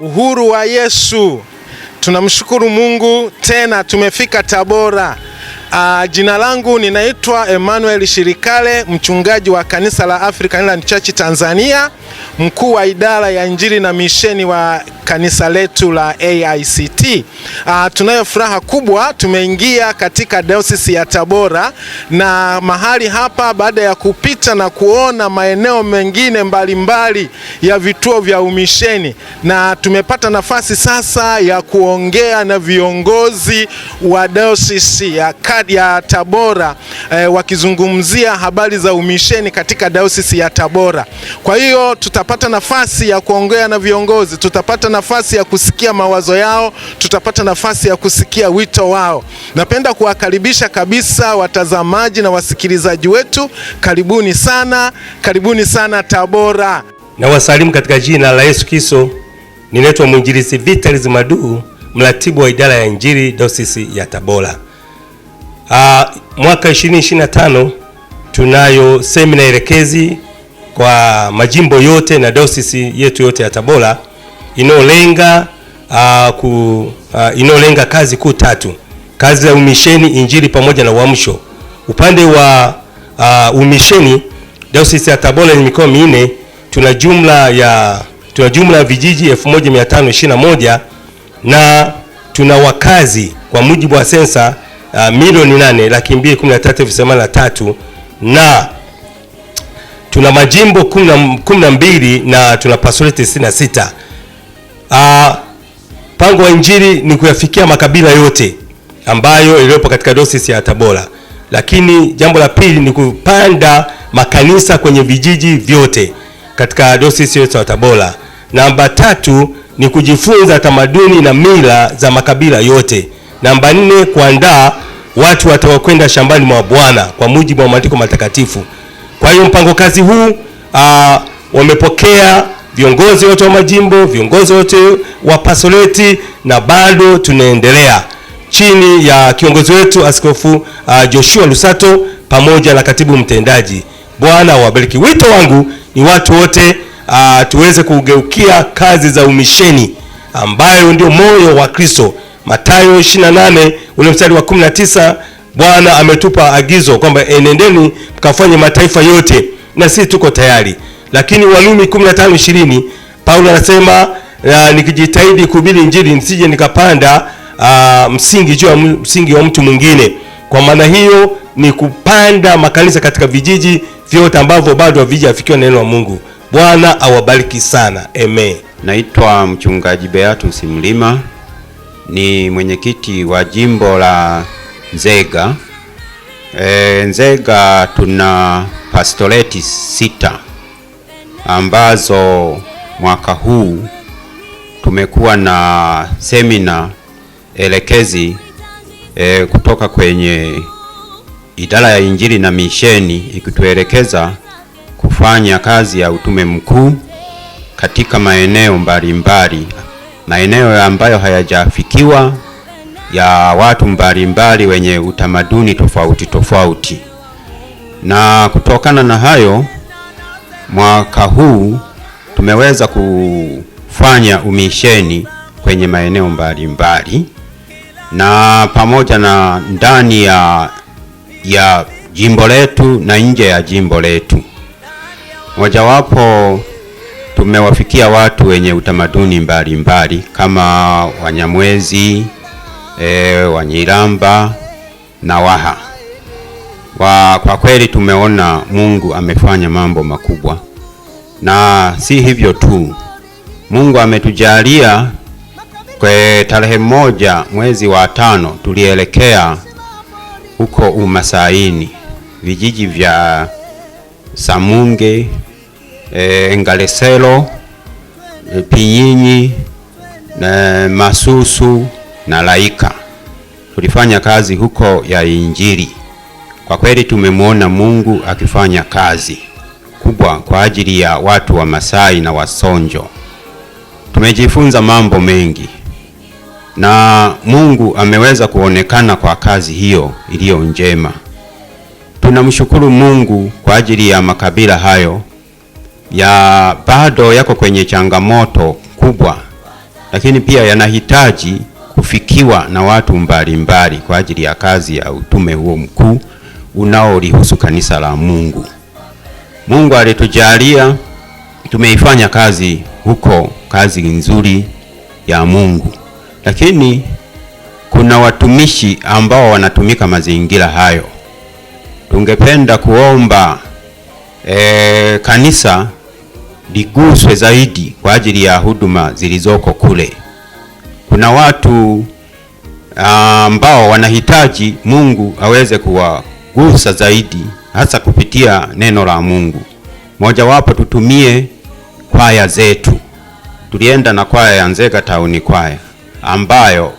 Uhuru wa Yesu. Tunamshukuru Mungu tena tumefika Tabora. Uh, jina langu ninaitwa Emmanuel Shirikale, mchungaji wa kanisa la African Inland Church Tanzania, mkuu wa idara ya injili na misheni wa kanisa letu la AICT. Uh, ah, tunayo furaha kubwa tumeingia katika Dayosisi ya Tabora na mahali hapa, baada ya kupita na kuona maeneo mengine mbalimbali mbali ya vituo vya umisheni, na tumepata nafasi sasa ya kuongea na viongozi wa Dayosisi ya Seminari ya Tabora eh, wakizungumzia habari za umisheni katika Dayosisi ya Tabora. Kwa hiyo tutapata nafasi ya kuongea na viongozi, tutapata nafasi ya kusikia mawazo yao, tutapata nafasi ya kusikia wito wao. Napenda kuwakaribisha kabisa watazamaji na wasikilizaji wetu, karibuni sana, karibuni sana Tabora. Na wasalimu katika jina la Yesu Kristo. Ninaitwa mwinjilisi Vitalis Maduu, mratibu wa idara ya Injili Dayosisi ya Tabora. Uh, mwaka 2025 tunayo semina elekezi kwa majimbo yote na dosisi yetu yote ya Tabora inayolenga uh, ah, ku uh, ah, inayolenga kazi kuu tatu: kazi ya umisheni, injili pamoja na uamsho. Upande wa uh, umisheni, dosisi ya Tabora yenye mikoa minne tuna jumla ya tuna jumla ya vijiji 1521 na tuna wakazi kwa mujibu wa sensa uh, milioni nane laki mbili kumi na tatu elfu themanini na tatu na tuna majimbo kumi na mbili na tuna pastorate sita Uh, ah, mpango wa injili ni kuyafikia makabila yote ambayo iliyopo katika dosisi ya Tabora, lakini jambo la pili ni kupanda makanisa kwenye vijiji vyote katika dosisi yote ya Tabora. Namba tatu ni kujifunza tamaduni na mila za makabila yote. Namba nne, kuandaa watu wataokwenda shambani mwa Bwana kwa mujibu wa maandiko matakatifu. Kwa hiyo mpango kazi huu uh, wamepokea viongozi wote wa majimbo, viongozi wote wa pasoleti, na bado tunaendelea chini ya kiongozi wetu Askofu uh, Joshua Lusato pamoja na katibu mtendaji. Bwana wabariki. Wito wangu ni watu wote uh, tuweze kugeukia kazi za umisheni ambayo ndio moyo wa Kristo. Mathayo 28 ule mstari wa 19, Bwana ametupa agizo kwamba enendeni eh, mkafanye mataifa yote, na sisi tuko tayari. Lakini Warumi 15:20 Paulo anasema na nikijitahidi kuhubiri Injili nisije nikapanda a, ah, msingi juu ya msingi wa mtu mwingine. Kwa maana hiyo ni kupanda makanisa katika vijiji vyote ambavyo bado havijafikiwa neno la Mungu. Bwana awabariki sana. Amen. Naitwa mchungaji Beatus Mlima ni mwenyekiti wa jimbo la Nzega. E, Nzega tuna pastoreti sita ambazo mwaka huu tumekuwa na semina elekezi e, kutoka kwenye idara ya Injili na misheni ikituelekeza kufanya kazi ya utume mkuu katika maeneo mbalimbali mbali maeneo ambayo hayajafikiwa ya watu mbalimbali mbali wenye utamaduni tofauti tofauti. Na kutokana na hayo, mwaka huu tumeweza kufanya umisheni kwenye maeneo mbalimbali mbali, na pamoja na ndani ya, ya jimbo letu na nje ya jimbo letu mojawapo tumewafikia watu wenye utamaduni mbalimbali mbali, kama Wanyamwezi e, Wanyiramba na Waha wa, kwa kweli tumeona Mungu amefanya mambo makubwa, na si hivyo tu, Mungu ametujalia kwa tarehe moja mwezi wa tano tulielekea huko Umasaini, vijiji vya Samunge eh, Ngaleselo eh, Pinyinyi na eh, Masusu na Laika. Tulifanya kazi huko ya Injili. Kwa kweli tumemwona Mungu akifanya kazi kubwa kwa ajili ya watu wa Masai na Wasonjo. Tumejifunza mambo mengi na Mungu ameweza kuonekana kwa kazi hiyo iliyo njema. Tunamshukuru Mungu kwa ajili ya makabila hayo ya bado yako kwenye changamoto kubwa, lakini pia yanahitaji kufikiwa na watu mbalimbali mbali kwa ajili ya kazi ya utume huo mkuu unaolihusu kanisa la Mungu. Mungu alitujalia tumeifanya kazi huko, kazi nzuri ya Mungu, lakini kuna watumishi ambao wanatumika mazingira hayo. Tungependa kuomba e, kanisa liguswe zaidi kwa ajili ya huduma zilizoko kule. Kuna watu ah, ambao wanahitaji Mungu aweze kuwagusa zaidi, hasa kupitia neno la Mungu. Mojawapo tutumie kwaya zetu. Tulienda na kwaya ya Nzega Town kwaya ambayo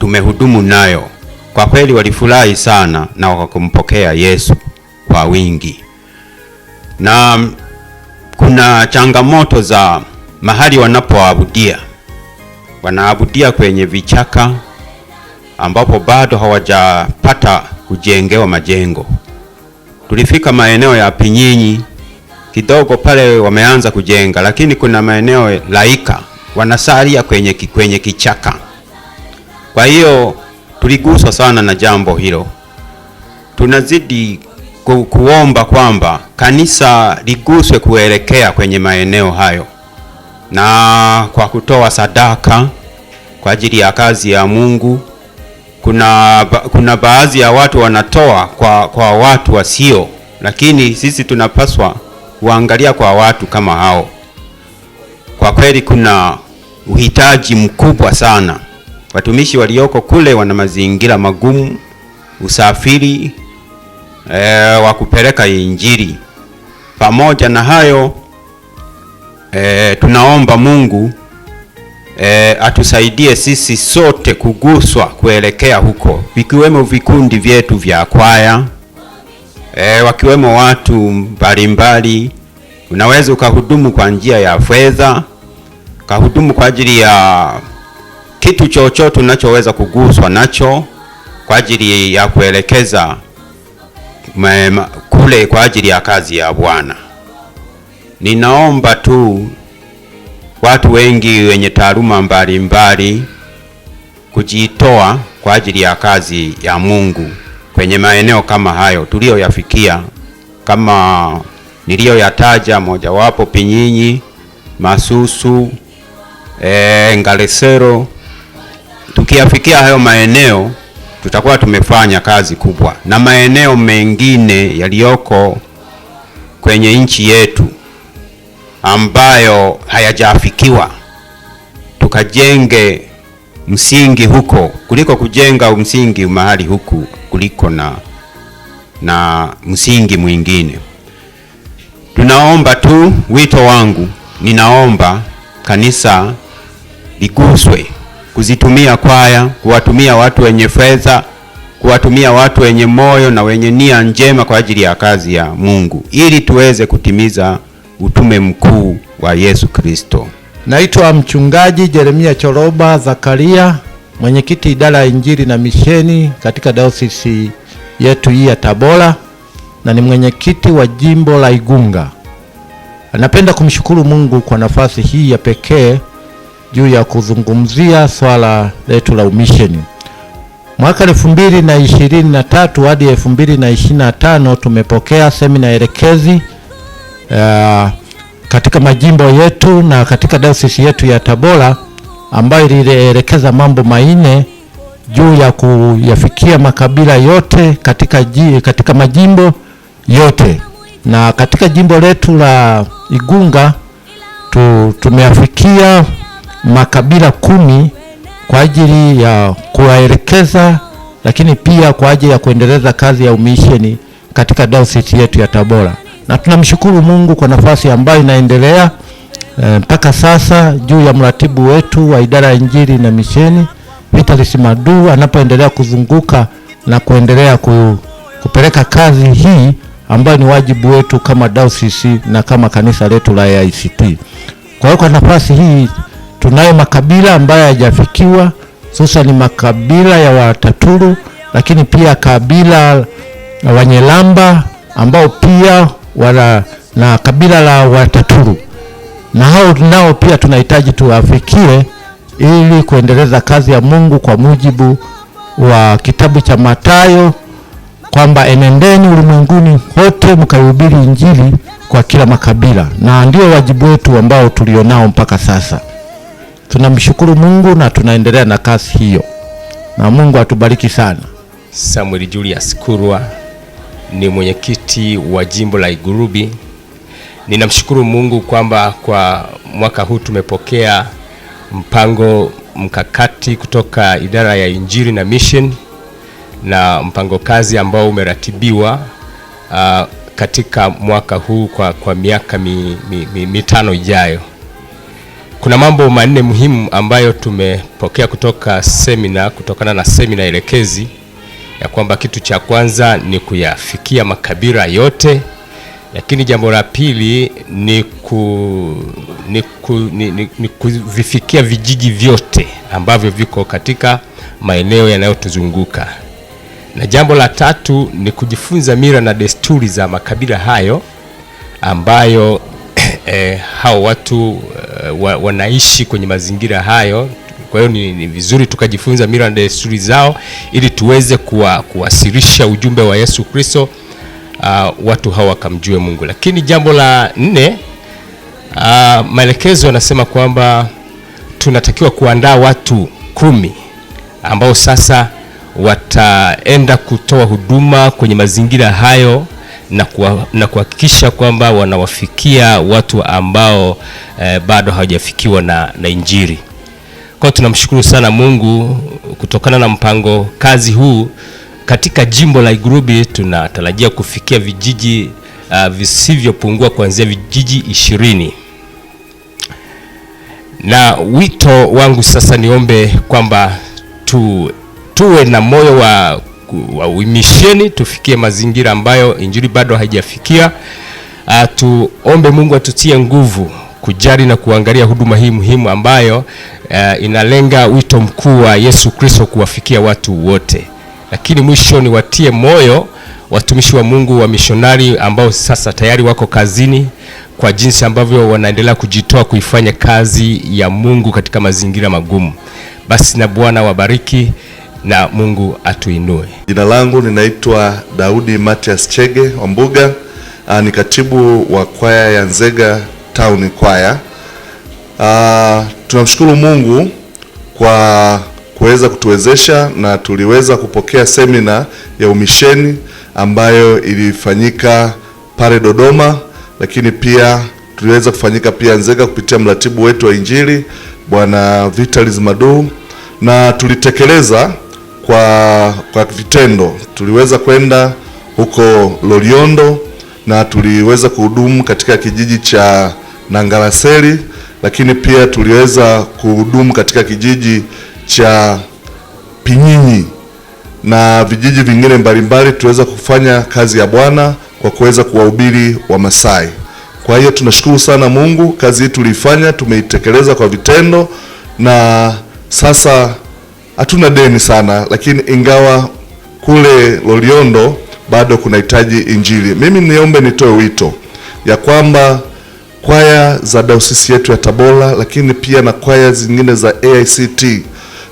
tumehudumu nayo, kwa kweli walifurahi sana na wakakumpokea Yesu kwa wingi na kuna changamoto za mahali wanapoabudia, wanaabudia kwenye vichaka ambapo bado hawajapata kujengewa majengo. Tulifika maeneo ya Pinyinyi kidogo pale wameanza kujenga, lakini kuna maeneo laika wanasalia kwenye, kwenye kichaka. Kwa hiyo tuliguswa sana na jambo hilo, tunazidi ku, kuomba kwamba kanisa liguswe kuelekea kwenye maeneo hayo, na kwa kutoa sadaka kwa ajili ya kazi ya Mungu. Kuna, kuna baadhi ya watu wanatoa kwa, kwa watu wasio, lakini sisi tunapaswa kuangalia kwa watu kama hao. Kwa kweli kuna uhitaji mkubwa sana. Watumishi walioko kule wana mazingira magumu, usafiri e, wa kupeleka Injili. Pamoja na hayo e, tunaomba Mungu e, atusaidie sisi sote kuguswa kuelekea huko, vikiwemo vikundi vyetu vya kwaya e, wakiwemo watu mbalimbali. Unaweza ukahudumu kwa njia ya fedha, kahudumu kwa ajili ya kitu chochote unachoweza kuguswa nacho kwa ajili ya kuelekeza kule kwa ajili ya kazi ya Bwana. Ninaomba tu watu wengi wenye taaluma mbalimbali kujitoa kwa ajili ya kazi ya Mungu kwenye maeneo kama hayo tuliyoyafikia, kama niliyoyataja, mojawapo Pinyinyi, Masusu, e, Ngalesero. Tukiyafikia hayo maeneo tutakuwa tumefanya kazi kubwa, na maeneo mengine yaliyoko kwenye nchi yetu ambayo hayajafikiwa tukajenge msingi huko kuliko kujenga msingi mahali huku kuliko na, na msingi mwingine. Tunaomba tu, wito wangu ninaomba kanisa liguswe kuzitumia kwaya, kuwatumia watu wenye fedha, kuwatumia watu wenye moyo na wenye nia njema kwa ajili ya kazi ya Mungu ili tuweze kutimiza utume mkuu wa Yesu Kristo. Naitwa mchungaji Jeremia Choroba Zakaria, mwenyekiti idara ya Injili na misheni katika dayosisi yetu hii ya Tabora na ni mwenyekiti wa jimbo la Igunga. Napenda kumshukuru Mungu kwa nafasi hii ya pekee juu ya kuzungumzia swala letu la umisheni. Mwaka 2023 hadi 2025 tumepokea semina elekezi uh, katika majimbo yetu na katika dayosisi yetu ya Tabora ambayo ilielekeza mambo manne juu ya kuyafikia makabila yote katika, katika majimbo yote na katika jimbo letu la Igunga tu, tumeafikia makabila kumi kwa ajili ya kuwaelekeza, lakini pia kwa ajili ya kuendeleza kazi ya umisheni katika dayosisi yetu ya Tabora, na tunamshukuru Mungu kwa nafasi ambayo inaendelea eh, mpaka e, sasa juu ya mratibu wetu wa idara ya Injili na misheni Vitalis Madu anapoendelea kuzunguka na kuendelea ku, kupeleka kazi hii ambayo ni wajibu wetu kama dayosisi na kama kanisa letu la AICT. Kwa hiyo kwa nafasi hii Tunayo makabila ambayo hayajafikiwa, sasa ni makabila ya Wataturu, lakini pia kabila la Wanyelamba ambao pia wana na kabila la Wataturu, na hao nao pia tunahitaji tuwafikie ili kuendeleza kazi ya Mungu kwa mujibu wa kitabu cha Mathayo kwamba enendeni ulimwenguni kote mkaihubiri Injili kwa kila makabila, na ndio wajibu wetu ambao tulionao mpaka sasa. Tunamshukuru Mungu na tunaendelea na kazi hiyo, na Mungu atubariki sana. Samuel Julius Kurwa ni mwenyekiti wa jimbo la Igurubi. Ninamshukuru Mungu kwamba kwa mwaka huu tumepokea mpango mkakati kutoka idara ya Injili na Mission na mpango kazi ambao umeratibiwa uh, katika mwaka huu kwa, kwa miaka mi, mi, mi, mitano ijayo. Kuna mambo manne muhimu ambayo tumepokea kutoka semina, kutokana na semina elekezi ya kwamba kitu cha kwanza ni kuyafikia makabila yote, lakini jambo la pili ni, ku, ni, ku, ni, ni, ni kuvifikia vijiji vyote ambavyo viko katika maeneo yanayotuzunguka, na jambo la tatu ni kujifunza mila na desturi za makabila hayo ambayo eh, hao watu uh, wa, wanaishi kwenye mazingira hayo. Kwa hiyo ni, ni vizuri tukajifunza mila na desturi zao ili tuweze kuwa, kuwasilisha ujumbe wa Yesu Kristo uh, watu hao wakamjue Mungu. Lakini jambo la nne uh, maelekezo yanasema kwamba tunatakiwa kuandaa watu kumi ambao sasa wataenda kutoa huduma kwenye mazingira hayo na kuhakikisha kwamba wanawafikia watu ambao eh, bado hawajafikiwa na, na Injili. Kwa tunamshukuru sana Mungu kutokana na mpango kazi huu katika jimbo la Igurubi tunatarajia kufikia vijiji uh, visivyopungua kuanzia vijiji ishirini, na wito wangu sasa niombe kwamba tu, tuwe na moyo wa wauimisheni tufikie mazingira ambayo injili bado haijafikia. Uh, tuombe Mungu atutie nguvu kujali na kuangalia huduma hii muhimu ambayo uh, inalenga wito mkuu wa Yesu Kristo kuwafikia watu wote, lakini mwisho ni watie moyo watumishi wa Mungu wa mishonari ambao sasa tayari wako kazini kwa jinsi ambavyo wanaendelea kujitoa kuifanya kazi ya Mungu katika mazingira magumu. Basi na Bwana wabariki na Mungu atuinue. Jina langu ninaitwa Daudi Matias Chege wa mbuga ah, ni katibu wa kwaya ya Nzega Town Kwaya. Ah, tunamshukuru Mungu kwa kuweza kutuwezesha na tuliweza kupokea semina ya umisheni ambayo ilifanyika pale Dodoma, lakini pia tuliweza kufanyika pia Nzega kupitia mratibu wetu wa Injili Bwana Vitalis Madu, na tulitekeleza kwa, kwa vitendo. Tuliweza kwenda huko Loliondo na tuliweza kuhudumu katika kijiji cha Nangalaseli, lakini pia tuliweza kuhudumu katika kijiji cha Pinyinyi na vijiji vingine mbalimbali. Tuliweza kufanya kazi ya Bwana kwa kuweza kuwahubiri Wamasai. Kwa hiyo tunashukuru sana Mungu, kazi hii tuliifanya, tumeitekeleza kwa vitendo na sasa hatuna deni sana, lakini ingawa kule Loliondo bado kunahitaji injili. Mimi niombe nitoe wito ya kwamba kwaya za dayosisi yetu ya Tabora, lakini pia na kwaya zingine za AICT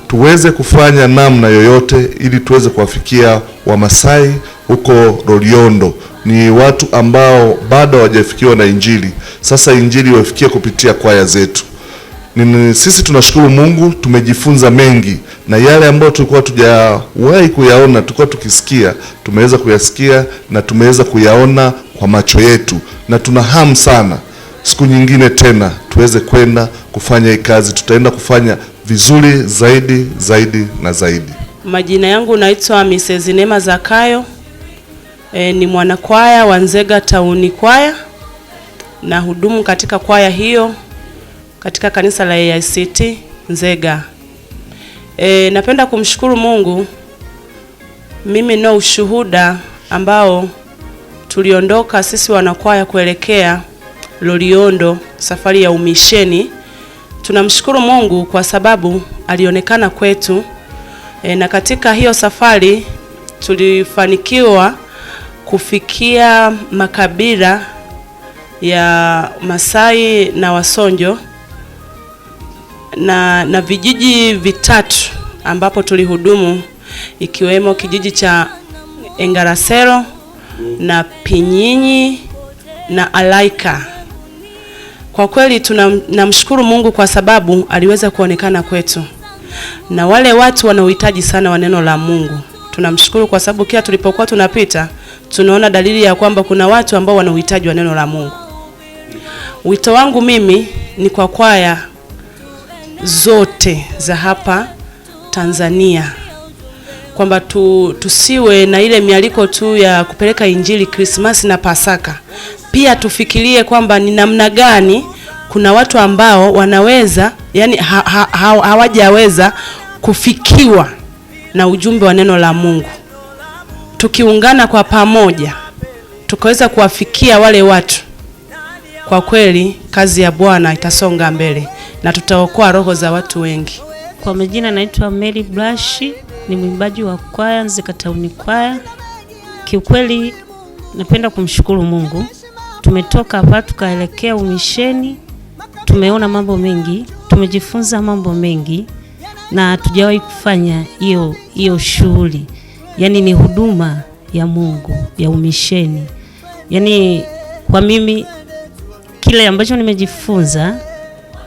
tuweze kufanya namna yoyote ili tuweze kuwafikia Wamasai huko Loliondo. Ni watu ambao bado hawajafikiwa na injili. Sasa injili wafikie kupitia kwaya zetu. Nini, sisi tunashukuru Mungu tumejifunza mengi na yale ambayo tulikuwa tujawahi kuyaona, tulikuwa tukisikia, tumeweza kuyasikia na tumeweza kuyaona kwa macho yetu, na tuna hamu sana siku nyingine tena tuweze kwenda kufanya hii kazi. Tutaenda kufanya vizuri zaidi zaidi na zaidi. Majina yangu naitwa Mrs. Neema Zakayo. E, ni mwanakwaya wa Nzega Tauni Kwaya na hudumu katika kwaya hiyo katika kanisa la AICT Nzega. E, napenda kumshukuru Mungu. Mimi na ushuhuda ambao tuliondoka sisi wanakwaya kuelekea Loliondo, safari ya umisheni. Tunamshukuru Mungu kwa sababu alionekana kwetu e, na katika hiyo safari tulifanikiwa kufikia makabila ya Masai na Wasonjo na, na vijiji vitatu ambapo tulihudumu ikiwemo kijiji cha Engarasero na Pinyinyi na Alaika. Kwa kweli tunamshukuru Mungu kwa sababu aliweza kuonekana kwetu na wale watu wanaohitaji sana wa neno la Mungu. Tunamshukuru kwa sababu kila tulipokuwa tunapita tunaona dalili ya kwamba kuna watu ambao wanaohitaji wa neno la Mungu. Wito wangu mimi ni kwa kwaya zote za hapa Tanzania kwamba tu, tusiwe na ile mialiko tu ya kupeleka Injili Krismasi na Pasaka. Pia tufikirie kwamba ni namna gani kuna watu ambao wanaweza yani ha, ha, ha, hawajaweza kufikiwa na ujumbe wa neno la Mungu. Tukiungana kwa pamoja tukaweza kuwafikia wale watu, kwa kweli kazi ya Bwana itasonga mbele na tutaokoa roho za watu wengi. Kwa majina naitwa Mary Blush, ni mwimbaji wa kwaya Nzega Town Kwaya. Kiukweli napenda kumshukuru Mungu, tumetoka hapa tukaelekea umisheni, tumeona mambo mengi, tumejifunza mambo mengi na tujawahi kufanya hiyo hiyo shughuli, yaani ni huduma ya Mungu ya umisheni. Yaani kwa mimi kile ambacho nimejifunza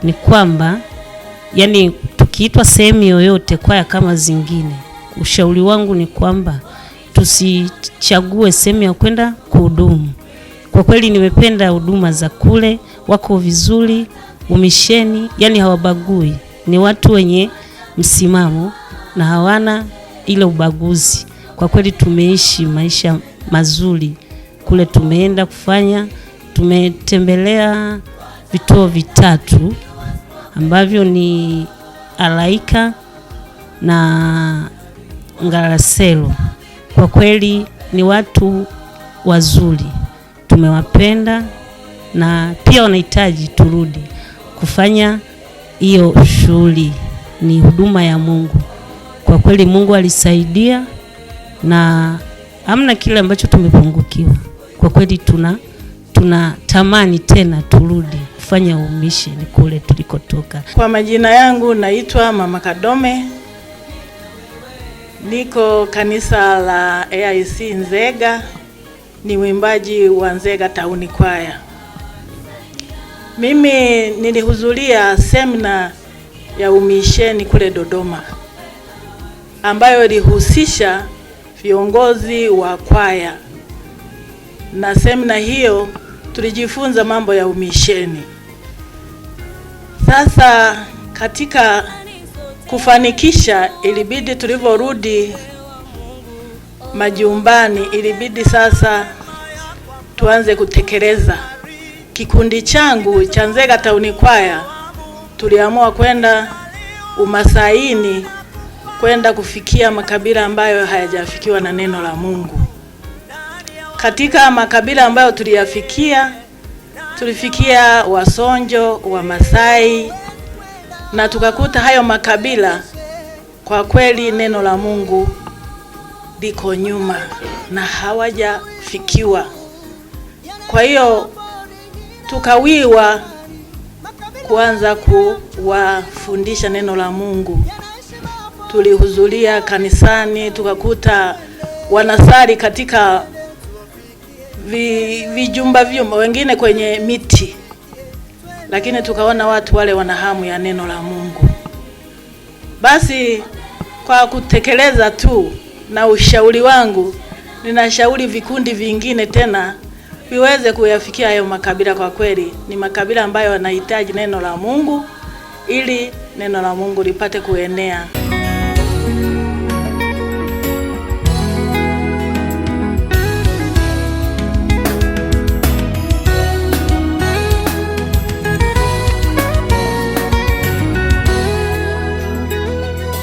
ni kwamba yani, tukiitwa sehemu yoyote, kwaya kama zingine, ushauri wangu ni kwamba tusichague sehemu ya kwenda kuhudumu. Kwa kweli nimependa huduma za kule, wako vizuri, umisheni, yani hawabagui, ni watu wenye msimamo na hawana ile ubaguzi. Kwa kweli tumeishi maisha mazuri kule, tumeenda kufanya, tumetembelea vituo vitatu ambavyo ni Alaika na ngaraselo Kwa kweli ni watu wazuri, tumewapenda na pia wanahitaji turudi kufanya hiyo shughuli. Ni huduma ya Mungu kwa kweli, Mungu alisaidia na hamna kile ambacho tumepungukiwa. Kwa kweli tuna tunatamani tena turudi kufanya umisheni kule tulikotoka. Kwa majina yangu naitwa Mama Kadome, niko kanisa la AIC Nzega, ni mwimbaji wa Nzega Tauni Kwaya. Mimi nilihudhuria semina ya umisheni kule Dodoma ambayo ilihusisha viongozi wa kwaya, na semina hiyo tulijifunza mambo ya umisheni. Sasa katika kufanikisha, ilibidi tulivyorudi majumbani, ilibidi sasa tuanze kutekeleza. Kikundi changu cha Nzega Town Kwaya tuliamua kwenda umasaini kwenda kufikia makabila ambayo hayajafikiwa na neno la Mungu. Katika makabila ambayo tuliyafikia tulifikia Wasonjo, Wamasai na tukakuta hayo makabila. Kwa kweli neno la Mungu liko nyuma na hawajafikiwa. Kwa hiyo tukawiwa kuanza kuwafundisha neno la Mungu. Tulihudhuria kanisani tukakuta wanasali katika vi, vijumba vyumba wengine kwenye miti, lakini tukaona watu wale wana hamu ya neno la Mungu. Basi kwa kutekeleza tu na ushauri wangu, ninashauri vikundi vingine tena viweze kuyafikia hayo makabila. Kwa kweli ni makabila ambayo yanahitaji neno la Mungu ili neno la Mungu lipate kuenea.